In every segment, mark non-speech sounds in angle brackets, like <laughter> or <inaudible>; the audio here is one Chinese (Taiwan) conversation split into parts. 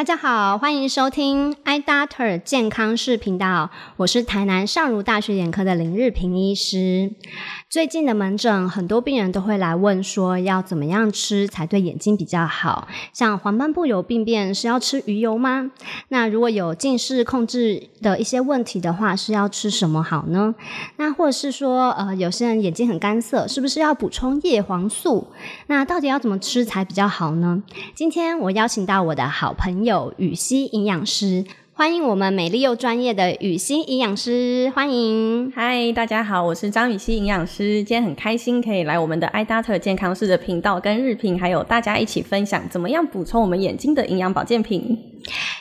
大家好，歡迎收聽 iDoctor 健康視頻道，我是台南尚儒大學眼科的林日蘋醫師。最近的門診，很多病人都會來問說，要怎麼樣吃才對眼睛比較好？像黃斑部有病變，是要吃魚油嗎？那如果有近視控制的一些問題的話，是要吃什麼好呢？那或者是說，呃，有些人眼睛很乾澀，是不是要補充葉黃素？那到底要怎麼吃才比較好呢？今天我邀請到我的好朋友。有語希營養師，歡迎我們美麗又專業的語希營養師，歡迎。嗨，大家好，我是張語希營養師，今天很開心可以來我們的艾達特健康室的頻道跟日蘋，還有大家一起分享，怎麼樣補充我們眼睛的營養保健品。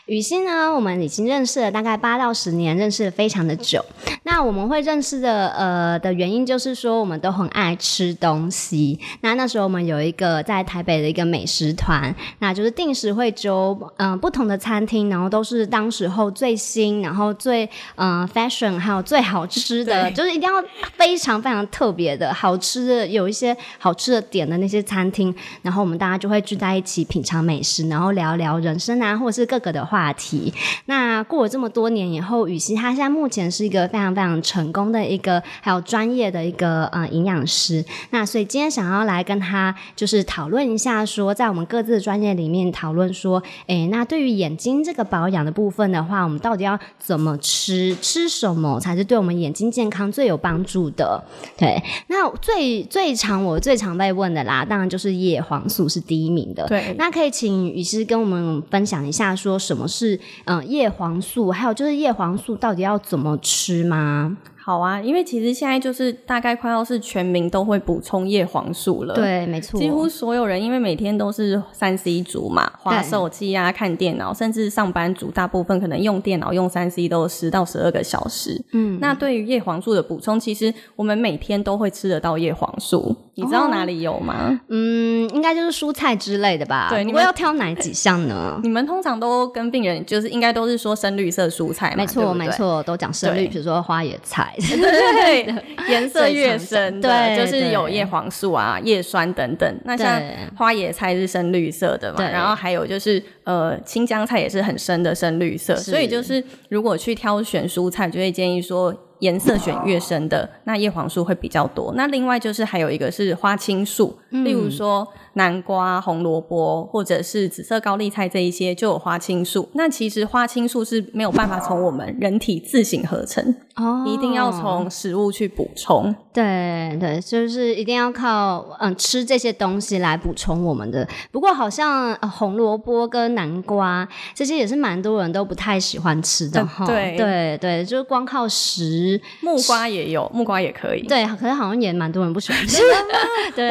語希呢，我們已經認識了大概八到十年，認識了非常的久。那我們會認識的呃的原因，就是說我們都很愛吃東西。那那時候我們有一個在台北的一個美食團，那就是定時會揪嗯、呃、不同的餐廳，然後都是當時候最新，然後最嗯、呃、fashion，還有最好吃的對就是一定要非常非常特別的好吃的，有一些好吃的點的那些餐廳，然後我們大家就會聚在一起品嘗美食，然後聊聊人生啊，或者是各個個的話話題那過了這麼多年以後，語希她現在目前是一個非常非常成功的一個，還有專業的一個呃營養師。那所以今天想要來跟她就是討論一下說，說在我們各自的專業裡面討論說，哎、欸，那對於眼睛這個保養的部分的話，我們到底要怎麼吃吃什麼才是對我們眼睛健康最有幫助的？對，那最最常我最常被問的啦，當然就是葉黃素是第一名的。對，那可以請語希跟我們分享一下說什麼。是嗯，葉黃素，還有就是葉黃素到底要怎麼吃嗎？好啊，因為其實現在就是大概快要是全民都會補充葉黃素了。對，沒錯，幾乎所有人，因為每天都是三 C 族嘛，滑手機啊、對看電腦，甚至上班族，大部分可能用電腦用三 C 都十到十二個小時。嗯，那對於葉黃素的補充，其實我們每天都會吃得到葉黃素。哦、你知道哪裡有嗎？嗯，應該就是蔬菜之類的吧。對，你會要挑哪幾項呢？呢你們通常都跟病人就是應該都是說深綠色蔬菜，沒錯錯，對對沒錯，都講深綠，對比如說花椰菜。 <laughs> 對，對，對，對，對，顏色越深，對，對，對，就是有葉黃素啊、葉酸等等。那像花椰菜是深綠色的嘛，對然後還有就是呃，青江菜也是很深的深綠色。是所以就是如果去挑選蔬菜，就會建議說顏色選越深的，Oh. 那葉黃素會比較多。那另外就是還有一個是花青素，嗯。例如說南瓜、紅蘿蔔或者是紫色高麗菜這一些就有花青素。那其實花青素是沒有辦法從我們人體自行合成。Oh. 哦，一定要從食物去補充。Oh, 對對，就是一定要靠嗯吃這些東西來補充我們的。不過好像、呃、紅蘿蔔跟南瓜這些也是蠻多人都不太喜歡吃的。對對對，對，就是光靠食木瓜也有，食木瓜也可以。對，可是好像也蠻多人不喜歡吃。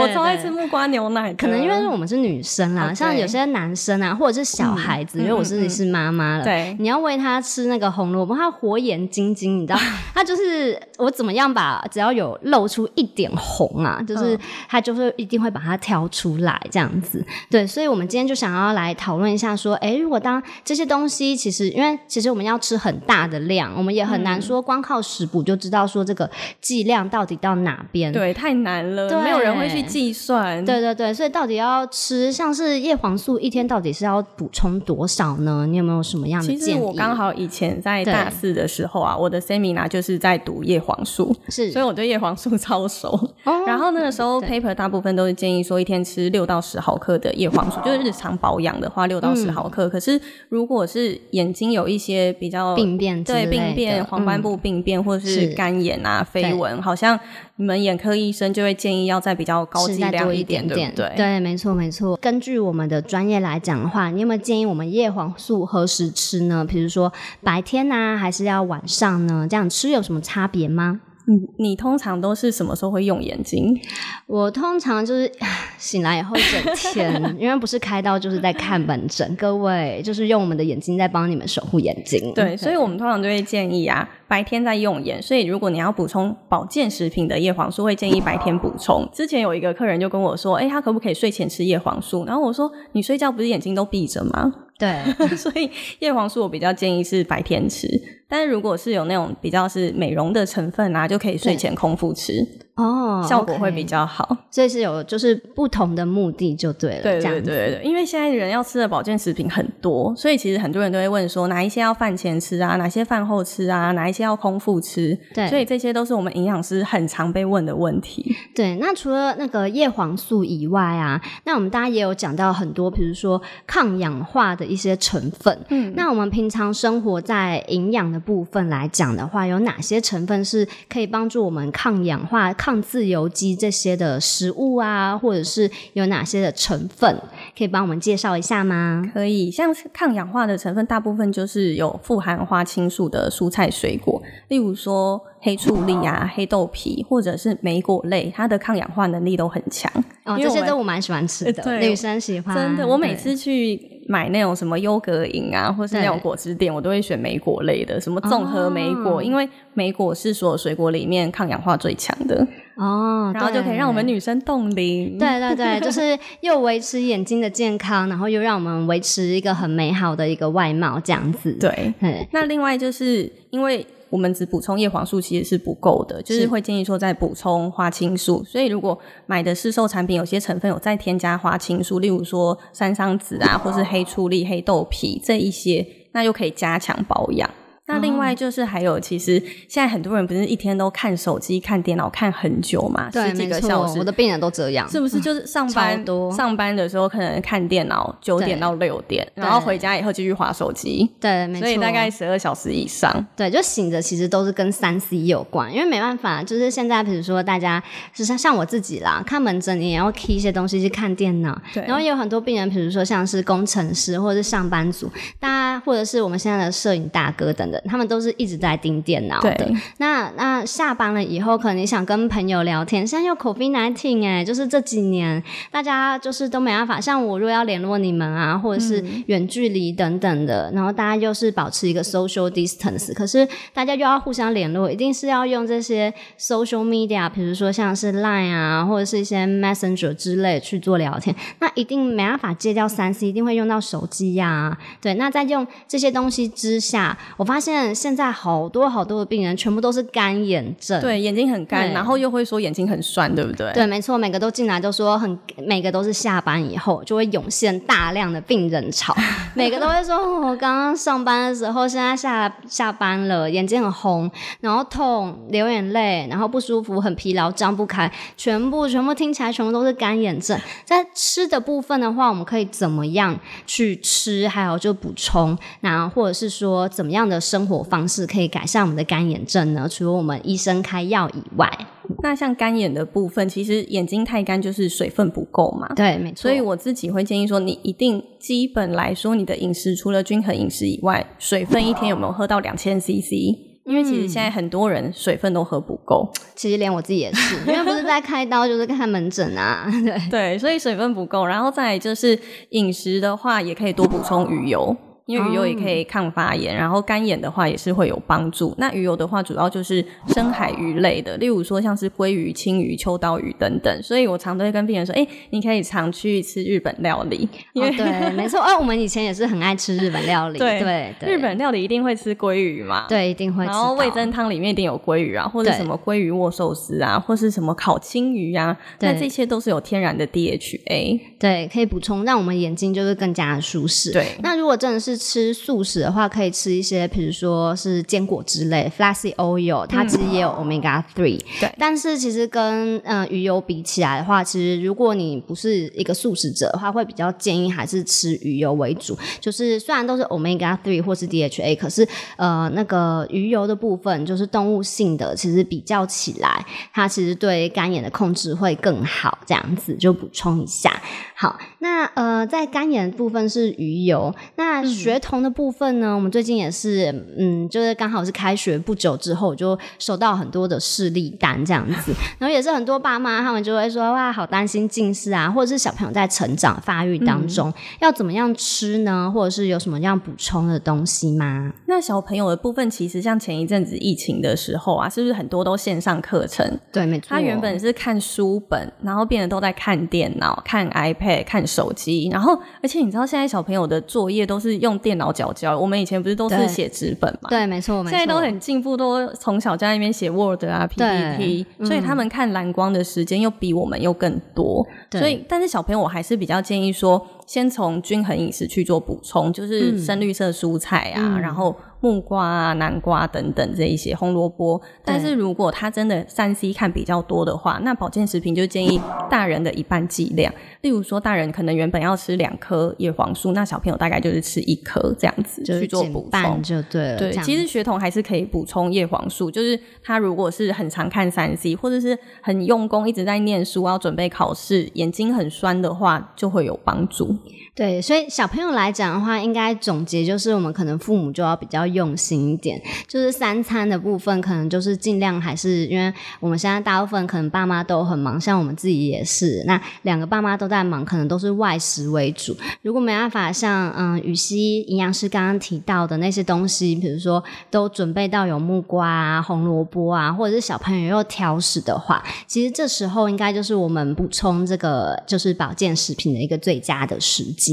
我超愛吃木瓜牛奶，可能因為我們是女生啦，Okay. 像有些男生啊，或者是小孩子，嗯、因為我自己是媽媽了，嗯嗯嗯、對，你要餵他吃那個紅蘿蔔，他火眼金睛，你知道嗎？ <laughs> 那就是我怎麼樣吧，只要有露出一點紅啊，就是他就是一定會把它挑出來這樣子。嗯、對，所以我們今天就想要來討論一下說，誒，如果當這些東西其實因為其實我們要吃很大的量，我們也很難說光靠食補就知道說這個劑量到底到哪邊。對，太難了，對沒有人會去計算。對對對，所以到底要吃像是葉黃素一天到底是要補充多少呢？你有沒有什麼樣的建議？其實我剛好以前在大四的時候啊，對我的 seminar。就是在讀葉黃素，是所以我對葉黃素超熟。哦、然後那個時候，paper 對大部分都是建議說，一天吃六到十毫克的葉黃素，哦、就是日常保養的話，六到十毫克。嗯、可是如果是眼睛有一些比較病變，病變，對病變、黃斑部病變、嗯、或者是乾眼啊、飛蚊，好像。你們眼科醫生就會建議要再比較高劑量一點，一點點對不對？對，沒錯沒錯。根據我們的專業來講的話，你有沒有建議我們葉黃素何時吃呢？比如說白天呢、啊，還是要晚上呢？這樣吃有什麼差別嗎？你、嗯、你通常都是什麼時候會用眼睛？我通常就是醒來以後整天， <laughs> 因為不是開刀就是在看門診，各 <laughs> 位就是用我們的眼睛在幫你們守護眼睛。對，所以我們通常都會建議啊， <laughs> 白天在用眼，所以如果你要補充保健食品的葉黃素，會建議白天補充。好之前有一個客人就跟我說，誒、欸，他可不可以睡前吃葉黃素？然後我說，你睡覺不是眼睛都閉着嗎？對， <laughs> 所以葉黃素我比較建議是白天吃，但是如果是有那種比較是美容的成分啊，就可以睡前空腹吃。哦，oh, okay. 效果會比較好，所以是有就是不同的目的就對了，對對對對，這樣子，因為現在人要吃的保健食品很多，所以其實很多人都會問說，哪一些要飯前吃啊，哪些飯後吃啊，哪一些要空腹吃，對，所以這些都是我們營養師很常被問的問題。對，那除了那個葉黃素以外啊，那我們大家也有講到很多，比如說抗氧化的一些成分，嗯，那我們平常生活在營養的部分來講的話，有哪些成分是可以幫助我們抗氧化？抗自由基這些的食物啊，或者是有哪些的成分，可以幫我們介紹一下嗎？可以，像抗氧化的成分，大部分就是有富含花青素的蔬菜水果，例如說黑醋栗啊、oh. 黑豆皮，或者是莓果類，它的抗氧化能力都很強。哦、oh，這些都我蠻喜歡吃的，呃、對，女生喜歡。真的，我每次去。買那種什麼優格飲啊，或是那種果汁店，對我都會選莓果類的，什麼綜合莓果，哦、因為莓果是所有水果裡面抗氧化最強的哦，然後就可以讓我們女生凍齡。對對對， <laughs> 就是又維持眼睛的健康，然後又讓我們維持一個很美好的一個外貌這樣子。對，對那另外就是因為我們只補充葉黃素其實是不夠的，就是會建議說再補充花青素。是所以如果買的市售產品有些成分有再添加花青素，例如說山桑子啊，或是黑。黑醋栗、黑豆皮這一些，那又可以加強保養。那另外就是還有，其實現在很多人不是一天都看手機、看電腦看很久嘛？對，幾個小時。我的病人都這樣，是不是就是上班、嗯、多？上班的時候可能看電腦九點到六點，對然後回家以後繼續划手機。對，所以大概十二小時以上。對，對，就醒着其實都是跟三 C 有關，因為沒辦法，就是現在比如說大家，是像像我自己啦，看門診你也要 key 一些東西，去看電腦。對。然後也有很多病人，比如說像是工程師或者是上班族，大家。或者是我們現在的攝影大哥等等，他們都是一直在盯電腦的。對那那下班了以後，可能你想跟朋友聊天，現在又 COVID 19哎、欸，就是這幾年大家就是都沒辦法。像我如果要聯絡你們啊，或者是遠距離等等的，嗯、然後大家又是保持一個 social distance，、嗯、可是大家又要互相聯絡，一定是要用這些 social media，比如說像是 LINE 啊，或者是一些 messenger 之類去做聊天。那一定沒辦法戒掉三 C，、嗯、一定會用到手機呀、啊。對，那再用。這些東西之下，我發現現在好多好多的病人全部都是乾眼症。對，眼睛很乾，嗯、然後又會說眼睛很酸，對不對？對，沒錯，每個都進來都說很，每個都是下班以後就會湧現大量的病人潮， <laughs> 每個都會說、哦，我剛剛上班的時候，現在下下班了，眼睛很紅，然後痛，流眼淚，然後不舒服，很疲勞，張不開，全部全部聽起來全部都是乾眼症。在吃的部分的話，我們可以怎麼樣去吃？還有就補充。那或者是說，怎麼樣的生活方式可以改善我們的乾眼症呢？除了我們醫生開藥以外，那像乾眼的部分，其實眼睛太乾就是水分不夠嘛。對，沒錯。所以我自己會建議說，你一定基本來說，你的飲食除了均衡飲食以外，水分一天有沒有喝到兩千 CC？嗯，因為其實現在很多人水分都喝不夠。其實連我自己也是， <laughs> 因為不是在開刀就是看門診啊。對對，所以水分不夠，然後再來就是飲食的話，也可以多補充魚油。因為魚油也可以抗發炎，然後乾眼的話也是會有幫助。那魚油的話，主要就是深海魚類的，例如說像是鮭魚、青魚、秋刀魚等等。所以我常都會跟病人說：“哎，你可以常去吃日本料理。”因為對，沒錯，哎，我們以前也是很愛吃日本料理。對對，日本料理一定會吃鮭魚嘛？對，一定會吃。然後味噌湯裡面一定有鮭魚啊，或者什麼鮭魚握壽司啊，或是什麼烤青魚啊。那這些都是有天然的 DHA。對，可以補充，讓我們眼睛就是更加的舒適。對，那如果真的是。吃素食的話，可以吃一些，比如說是堅果之類。Flaxseed oil，它其實也有 omega three。對。但是其實跟、呃、魚油比起來的話，其實如果你不是一個素食者的話，會比較建議還是吃魚油為主。就是雖然都是 omega three 或是 DHA，可是、呃、那個魚油的部分，就是動物性的，其實比較起來，它其實對乾眼的控制會更好。這樣子就補充一下。好，那呃在乾眼的部分是魚油，那。學童的部分呢，我們最近也是，嗯，就是剛好是開學不久之後，我就收到很多的視力單這樣子，然後也是很多爸媽他們就會說，哇，好擔心近視啊，或者是小朋友在成長發育當中、嗯、要怎麼樣吃呢，或者是有什麼樣補充的東西嗎？那小朋友的部分，其實像前一陣子疫情的時候啊，是不是很多都線上課程？對，沒錯，他原本是看書本，然後變得都在看電腦、看 iPad、看手機，然後而且你知道，現在小朋友的作業都是用。電腦腳腳，我們以前不是都是寫紙本嘛？對，沒錯，沒錯我們現在都很進步，都從小就在那邊寫 Word 啊、PPT，對所以他們看藍光的時間又比我們又更多。對所以，但是小朋友，我還是比較建議說，先從均衡飲食去做補充，就是深綠色蔬菜啊，嗯、然後。木瓜、啊、南瓜等等這一些紅蘿蔔，蘿蔔對但是如果他真的三 C 看比較多的話，那保健食品就建議大人的一半劑量。例如說，大人可能原本要吃兩顆葉黃素，那小朋友大概就是吃一顆這樣子是去做補充就對了。對，其實學童還是可以補充葉黃素，就是他如果是很常看三 C，或者是很用功一直在念書，要準備考試，眼睛很酸的話，就會有幫助。對，所以小朋友來講的話，應該總結就是，我們可能父母就要比較用心一點，就是三餐的部分，可能就是盡量還是，因為我們現在大部分可能爸媽都很忙，像我們自己也是，那兩個爸媽都在忙，可能都是外食為主。如果沒辦法像，像嗯語希營養師剛剛提到的那些東西，比如說都準備到有木瓜啊、紅蘿蔔啊，或者是小朋友又挑食的話，其實這時候應該就是我們補充這個就是保健食品的一個最佳的時機。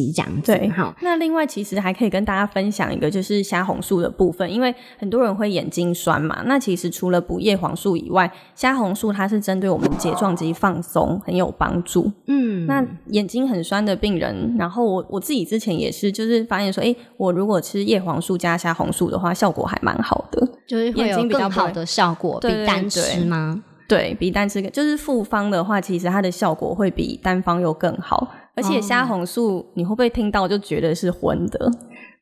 對好。那另外，其實還可以跟大家分享一個，就是蝦紅素的部分，因為很多人會眼睛酸嘛。那其實除了補葉黃素以外，蝦紅素它是針對我們睫狀肌放鬆、哦、很有幫助。嗯，那眼睛很酸的病人，然後我我自己之前也是，就是發現說，哎、欸，我如果吃葉黃素加蝦紅素的話，效果還蠻好的，就是會有更好的效果。比單吃嗎？對，比單吃，就是複方的話，其實它的效果會比單方又更好。而且蝦紅素，嗯、你會不會聽到就覺得是葷的？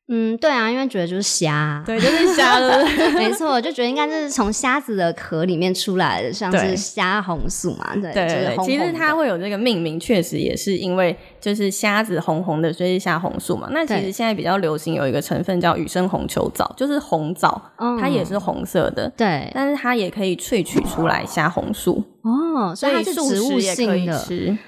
嗯，對啊，因為覺得就是蝦，對，就是蝦的 <laughs> 沒錯，就覺得應該是從蝦子的殼裡面出來的，像是蝦紅素嘛。對，對對，其實它會有這個命名，確實也是因為就是蝦子紅紅的，所以是蝦紅素嘛。那其實現在比較流行有一個成分叫雨生紅球藻，就是紅藻，嗯、它也是紅色的，對，但是它也可以萃取出來蝦紅素。哦，所以它是植物性的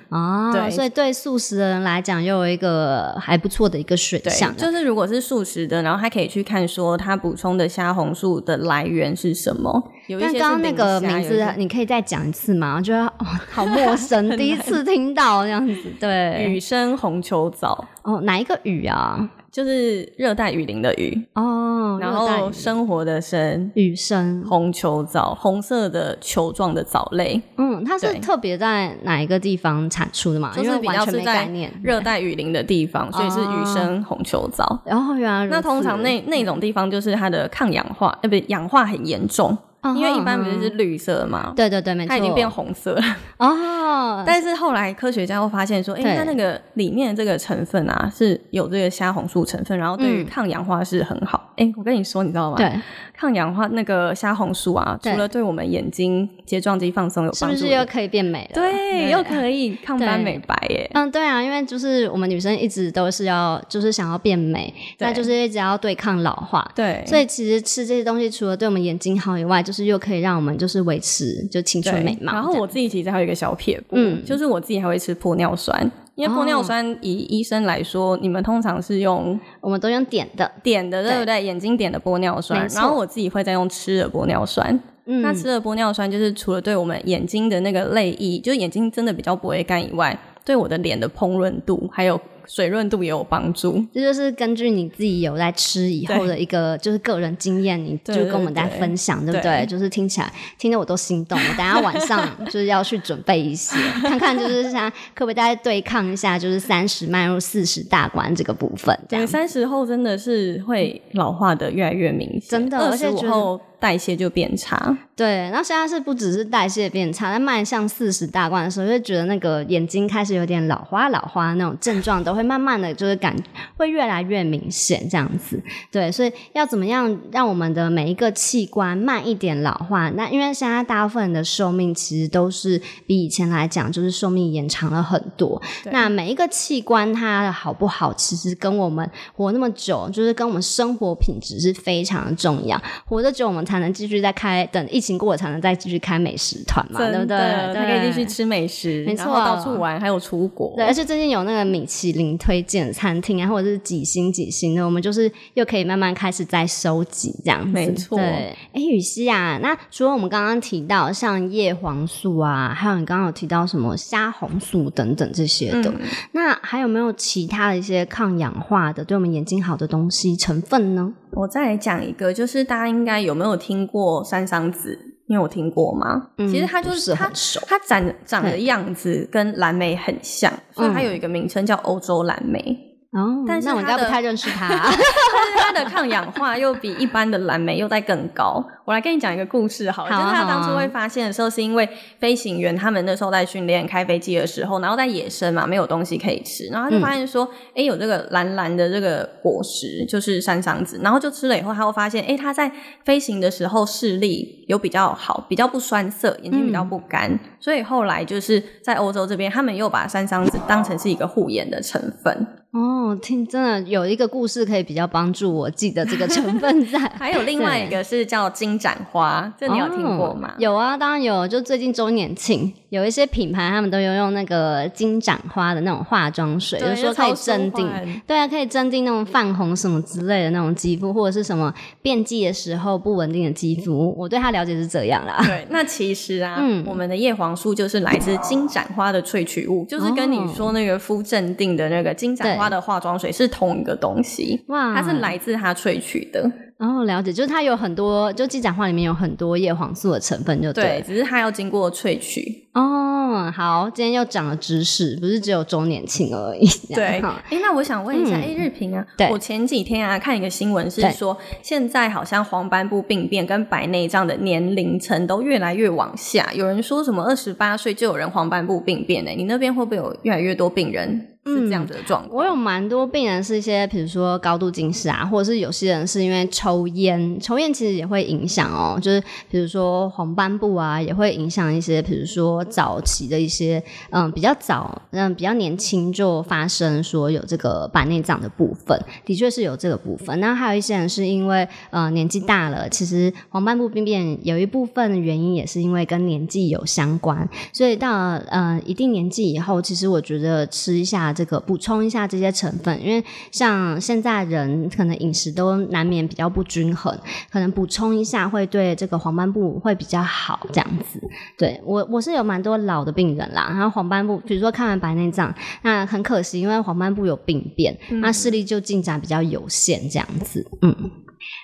哦，對，所以對素食的人來講又有一個還不錯的一個選項，就是如果是素食的，然後他可以去看說他補充的蝦紅素的來源是什麼。但剛剛那個名字你可以再講一次嗎？我覺得好陌生， <laughs> 難第一次聽到這樣子，對，雨生紅球藻，哦，哪一個雨啊？就是熱帶雨林的雨哦，oh, 然後生活的生雨生紅球藻，紅色的球狀的藻類。嗯，它是對特別在哪一個地方產出的嗎？就是比較是在熱帶雨林的地方，所以是雨生、oh. 紅球藻。然後、oh, 原來那通常那那種地方就是它的抗氧化，呃對，不，氧化很嚴重。因為一般不是是綠色嘛、嗯，對對對，它已經變紅色了哦。但是後來科學家會發現說，哎對，它那個裡面的這個成分啊，是有這個蝦紅素成分，然後對於抗氧化是很好。哎、嗯，我跟你說，你知道嗎？對，抗氧化那個蝦紅素啊，對除了對我們眼睛睫狀肌放鬆有幫助，是不是又可以變美了？對，又可以抗斑美白耶。嗯，對啊，因為就是我們女生一直都是要，就是想要變美，那對就是一直要對抗老化。對，所以其實吃這些東西除了對我們眼睛好以外，就是。是又可以讓我們就是維持就青春美貌對。然後我自己其實還有一個小撇步，嗯、就是我自己還會吃玻尿酸，因為玻尿酸以醫生來說，哦、你們通常是用，我們都用點的，點的對不對？對眼睛點的玻尿酸，錯然後我自己會再用吃的玻尿酸。嗯、那吃的玻尿酸就是除了對我們眼睛的那個淚液，就是眼睛真的比較不會乾以外，對我的臉的澎潤度還有。水潤度也有幫助，這就，就是根據你自己有在吃以後的一個就是個人經驗，你就跟我們在分享，對，對，對，對不對？對對對，就是聽起來聽得我都心動了，我 <laughs> 等下晚上就是要去準備一些， <laughs> 看看就是想，可不可以大家對抗一下，就是三十邁入四十大關這個部分這樣。對，三十後真的是會老化的越來越明顯，真的，而且之後代謝就變差。對，那現在是不只是代謝變差，但邁向四十大關的時候，就是、覺得那個眼睛開始有點老花，老花那種症狀都。會慢慢的就是感覺會越來越明顯這樣子，對，所以要怎麼樣讓我們的每一個器官慢一點老化？那因為現在大部分人的壽命其實都是比以前來講，就是壽命延長了很多。對，那每一個器官它的好不好，其實跟我們活那麼久，就是跟我們生活品質是非常的重要。活得久，我們才能繼續再開，等疫情過了才能再繼續開美食團嘛，對不對？才可以繼續吃美食，沒錯，到處玩還有出國。對，而且最近有那個米其林。推薦餐廳，啊，或者是幾星幾星的，我們就是又可以慢慢開始在收集這樣子，沒錯錯。對，哎、欸，語希啊，那除了我們剛剛提到像葉黃素啊，還有你剛剛有提到什麼蝦紅素等等這些的，嗯、那還有沒有其他的一些抗氧化的、對我們眼睛好的東西成分呢？我再來講一個，就是大家應該有沒有聽過山桑子？你有聽過嗎？嗯、其實它就是它，是他他長的樣子跟藍莓很像，嗯、所以它有一個名稱叫歐洲藍莓。哦，但是、oh, 那我真的不太認識它、啊， <laughs> <laughs> 但是它的抗氧化又比一般的藍莓又再更高。我來跟你講一個故事，好，好，了。就是他當初會發現的時候，是因為飛行員他們那時候在訓練開飛機的時候，然後在野生嘛，沒有東西可以吃，然後就發現說，哎、嗯欸，有這個藍藍的這個果實，就是山桑子，然後就吃了以後，他會發現，哎、欸，他在飛行的時候視力有比較好，比較不酸澀，眼睛比較不乾，嗯、所以後來就是在歐洲這邊，他們又把山桑子當成是一個護眼的成分。哦，聽真的有一個故事可以比較幫助我記得這個成分在， <laughs> 還有另外一個是叫金盞花，對哦、這你有聽過嗎？有啊，當然有。就最近周年慶，有一些品牌他們都有用那個金盞花的那種化妝水，有時候可以鎮定，對啊，可以鎮定那種泛紅什麼之類的那種肌膚，或者是什麼變季的時候不穩定的肌膚，我對它了解是這樣啦。對，那其實啊，嗯，我們的葉黃素就是來自金盞花的萃取物，嗯、就是跟你說那個膚鎮定的那個金盞花。它的化妝水是同一個東西哇，Wow 它是來自它萃取的。然、oh, 了解，就是它有很多，就金盞花裡面有很多葉黃素的成分就，就對。只是它要經過萃取哦。Oh, 好，今天又長了知識，不是只有周年慶而已。 <laughs> 對，哎後、欸，那我想問一下，哎、嗯欸，日蘋啊，我前幾天啊看一個新聞是說，對現在好像黃斑部病變跟白內障的年齡層都越來越往下。有人說什麼二十八歲就有人黃斑部病變、欸？呢？你那邊會不會有越來越多病人？是這樣子的狀況、嗯。我有蠻多病人是一些，比如說高度近視啊，或者是有些人是因為抽菸，抽菸其實也會影響哦、喔。就是比如說黃斑部啊，也會影響一些，比如說早期的一些，嗯，比較早，嗯，比較年輕就發生說有這個白內障的部分，的確是有這個部分。那還有一些人是因為呃、嗯、年紀大了，其實黃斑部病變有一部分原因也是因為跟年紀有相關，所以到呃、嗯、一定年紀以後，其實我覺得吃一下，這個補充一下這些成分，因為像現在人可能飲食都難免比較不均衡，可能補充一下會對這個黃斑部會比較好這樣子。對，我我是有蠻多老的病人啦，然後黃斑部比如說看完白內障，那很可惜，因為黃斑部有病變，那視力就進展比較有限這樣子，嗯。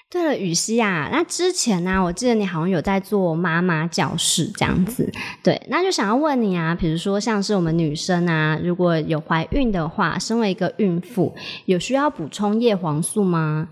對了，語希啊，那之前呢、啊，我記得你好像有在做媽媽教室這樣子，對，那就想要問你啊，比如說像是我們女生啊，如果有懷孕的話，身為一個孕婦，有需要補充葉黃素嗎？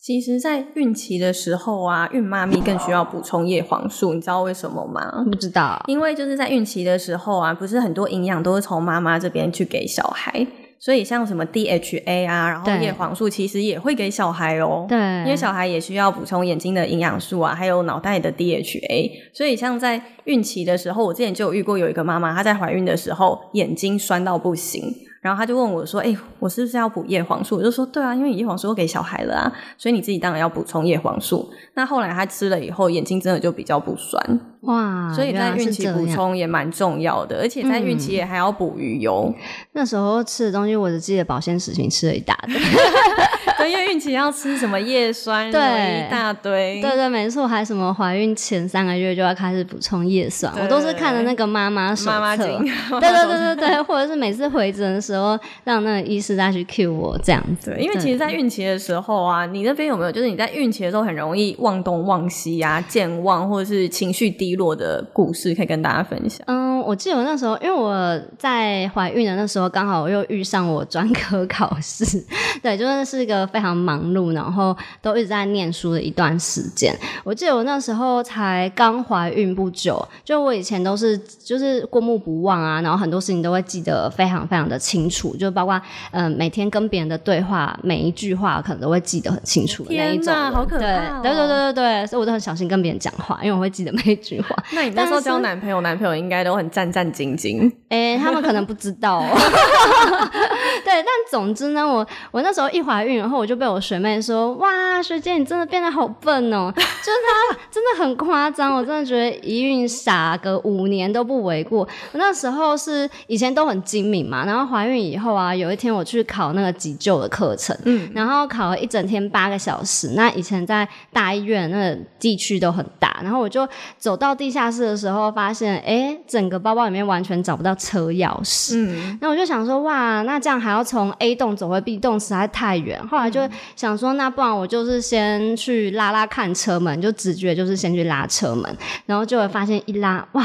其實，在孕期的時候啊，孕媽咪更需要補充葉黃素，你知道為什麼嗎？不知道，因為就是在孕期的時候啊，不是很多營養都是從媽媽這邊去給小孩。所以像什麼 D H A 啊，然後葉黃素其實也會給小孩哦，對因為小孩也需要補充眼睛的營養素啊，還有腦袋的 D H A。所以像在孕期的時候，我之前就有遇過有一個媽媽，她在懷孕的時候眼睛酸到不行，然後她就問我說：“哎，我是不是要補葉黃素？”我就說：“對啊，因為葉黃素都給小孩了啊，所以你自己當然要補充葉黃素。”那後來她吃了以後，眼睛真的就比較不酸。哇，所以在孕期補充也蠻重要的，而且在孕期也還要補魚油，嗯。那時候吃的東西，我只記得保健食品吃了一大堆， <laughs> <laughs> 因為孕期要吃什麼葉酸，對，一大堆，對對，對沒錯，還什麼懷孕前三個月就要開始補充葉酸，對我都是看着那個媽媽手冊，媽媽對對對對對， <laughs> 或者是每次回診的時候讓那個醫師再去 Q 我這樣子。對因為其實，在孕期的時候啊，你那邊有沒有就是你在孕期的時候很容易忘東忘西啊，健忘或者是情緒低。失落的故事可以跟大家分享啊？嗯我記得我那時候，因為我在懷孕的那時候，剛好我又遇上我專科考試，對，就是那是一個非常忙碌，然後都一直在念書的一段時間。我記得我那時候才剛懷孕不久，就我以前都是就是過目不忘啊，然後很多事情都會記得非常非常的清楚，就包括嗯、呃、每天跟別人的對話，每一句話可能都會記得很清楚的那一種的。天哪，好可怕，喔！對對對對對對，所以我都很小心跟別人講話，因為我會記得每一句話。那你那時候交男朋友，是男朋友應該都很。戰戰兢兢，哎、欸，他們可能不知道、喔，哦。 <laughs> <laughs> 對，但總之呢，我我那時候一懷孕，然後我就被我學妹說，哇，學姐你真的變得好笨哦、喔， <laughs> 就是她真的很誇張，我真的覺得一孕傻個五年都不為過。我那時候是以前都很精明嘛，然後懷孕以後啊，有一天我去考那個急救的課程，嗯，然後考了一整天八個小時。那以前在大醫院，那個地區都很大，然後我就走到地下室的時候，發現哎、欸，整個。包包裡面完全找不到車鑰匙，嗯，那我就想說，哇，那這樣還要從 A 棟走回 B 棟，實在太遠。後來就想說，那不然我就是先去拉拉看車門，就直覺就是先去拉車門，然後就會發現一拉，哇，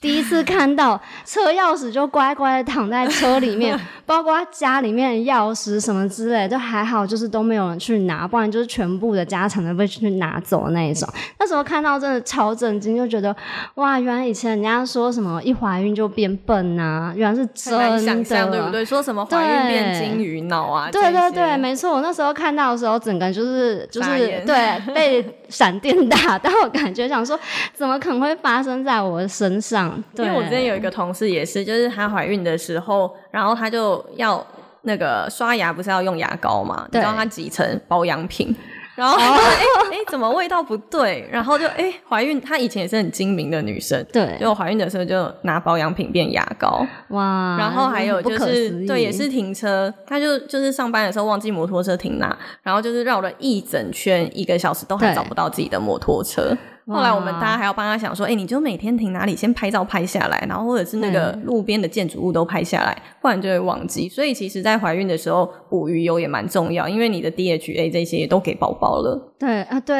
第一次看到車鑰匙就乖乖的躺在車裡面。 <laughs> 包括他家裡面的鑰匙什麼之類，都還好，就是都沒有人去拿，不然就是全部的家產都被去拿走的那一種。Yes. 那時候看到真的超震驚，就覺得哇，原來以前人家說什麼一懷孕就變笨啊，原來是真的。太難想像，對不對？說什麼懷孕變金魚腦啊？對，些對對對，沒錯。我那時候看到的時候，整個就是就是言對被閃電打，但我感覺想說，怎麼可能會發生在我的身上？對，因為我之前有一個同事也是，就是她懷孕的時候。然後她就要那個刷牙，不是要用牙膏嗎？對，幫她擠成保養品。 <laughs> 然後哎哎，怎麼味道不對？然後就哎，懷孕。她以前也是很精明的女生，對，就懷孕的時候就拿保養品變牙膏。哇，然後還有就是對，也是停車，她就就是上班的時候忘記摩托車停哪，然後就是繞了一整圈，對一個小時都還找不到自己的摩托車。後來我們大家還要幫他想說，哎、欸，你就每天停哪裡，先拍照拍下來，然後或者是那個路邊的建築物都拍下來，不然就會忘記。所以其實，在懷孕的時候補魚油也蠻重要，因為你的 DHA 這些也都給寶寶了。對啊，對，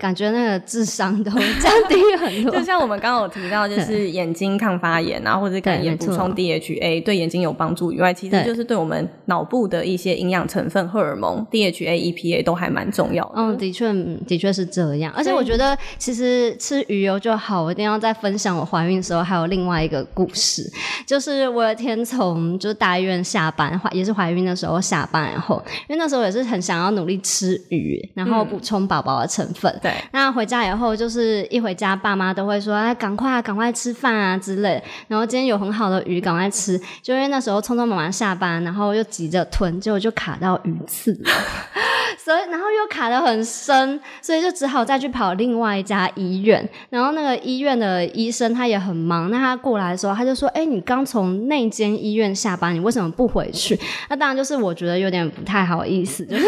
感覺那個智商都降低很多。 <laughs> 就像我們剛剛有提到，就是眼睛抗發炎，啊，對或者抗炎補充 DHA 對, DHA, 對眼睛有幫助以外，其實就是對我們腦部的一些營養成分、荷爾蒙 DHA、HA, EPA 都還蠻重要的。嗯、哦，的確，的確是這樣。而且我覺得其實。吃吃魚油就好，我一定要再分享。我懷孕的時候還有另外一個故事，就是我有天從就是大醫院下班，懷也是懷孕的時候下班，然後因為那時候也是很想要努力吃魚，然後補充寶寶的成分。嗯、對，那回家以後就是一回家，爸媽都會說：“哎、啊，趕快趕快吃飯啊之類。”然後今天有很好的魚，趕快吃。就因為那時候匆匆忙忙下班，然後又急着吞，結果就卡到魚刺， <laughs> 所以然後又卡得很深，所以就只好再去跑另外一家。醫院，然後那個醫院的醫生他也很忙，那他過來的時候他就說：“哎，你剛從那間醫院下班，你為什麼不回去？”那當然就是我覺得有點不太好意思，就是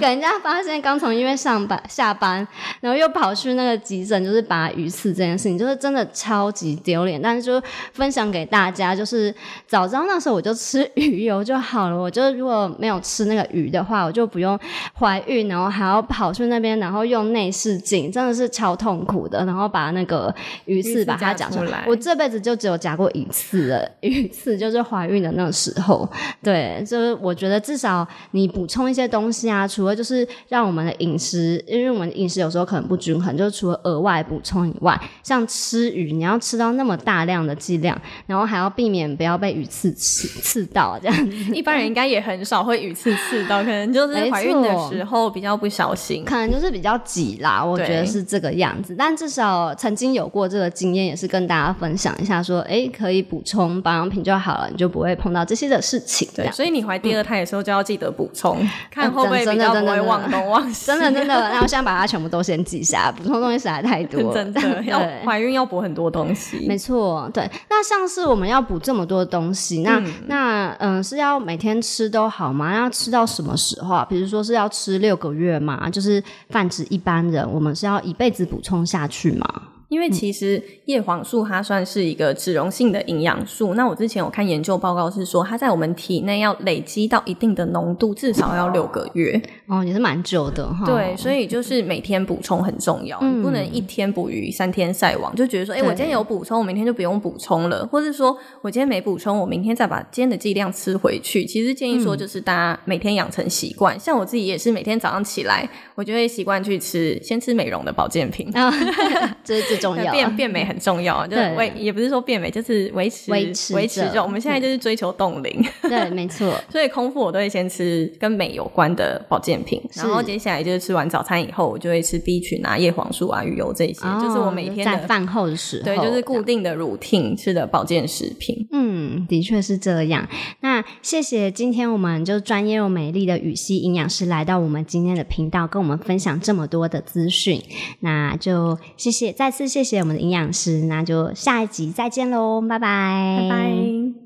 給人家發現剛從醫院上班下班，然後又跑去那個急診，就是拔魚刺這件事情，就是真的超級丟臉。但是就分享給大家，就是早知道那時候我就吃魚油就好了，我就如果沒有吃那個魚的話，我就不用懷孕，然後還要跑去那邊，然後用內視鏡，真的是超痛的。苦的，然後把那個魚刺把它講講刺夾出來。我這輩子就只有夾過一次了，魚刺就是懷孕的那個時候。對，就是我覺得至少你補充一些東西啊，除了就是讓我們的飲食，因為我們飲食有時候可能不均衡，就是除了額外補充以外，像吃魚，你要吃到那麼大量的劑量，然後還要避免不要被魚刺刺刺到這樣。一般人應該也很少會魚刺刺到，可能就是懷孕的時候比較不小心，可能就是比較急啦，我覺得是這個樣子。但至少曾經有過這個經驗，也是跟大家分享一下說，說哎，可以補充保養品就好了，你就不會碰到這些的事情這樣。對，所以你懷第二胎的時候就要記得補充，嗯、看後不真的真不會忘東忘西、嗯。真的真的，那我 <laughs> 現在把它全部都先記下， <laughs> 補充東西實在太多了。真的，要懷孕要補很多東西，沒錯。對，那像是我們要補這麼多東西，那嗯那嗯，是要每天吃都好嗎？要吃到什麼時候、啊？比如說是要吃六個月嗎？就是泛指一般人，我們是要一輩子補充下去嗎？因為其實葉黃素它算是一個脂溶性的營養素。嗯、那我之前有看研究報告是說，它在我們體內要累積到一定的濃度，至少要六個月。哦，也是蠻久的哈。對，嗯、所以就是每天補充很重要，嗯，不能一天捕魚三天曬網，就覺得說，哎、欸，我今天有補充，我明天就不用補充了，對或是說我今天沒補充，我明天再把今天的劑量吃回去。其實建議說，就是大家每天養成習慣，嗯、像我自己也是每天早上起來，我就會習慣去吃，先吃美容的保健品。啊、哦，這是。變變、嗯、美很重要，就維也不是說變美，就是維持維持維持。我們現在就是追求凍齡，對，沒錯。 <laughs> 所以空腹我都會先吃跟美有關的保健品，是然後接下來就是吃完早餐以後，我就會吃 B 群啊、葉黃素啊、魚油這些，哦、就是我每天在飯後的時候，對，就是固定的 routine 吃的保健食品。嗯，的確是這樣。那謝謝今天我們就專業又美麗的語希營養師來到我們今天的頻道，跟我們分享這麼多的資訊。那就謝謝，再次。謝謝我們的營養師，那就下一集再見嘍，拜拜，拜拜。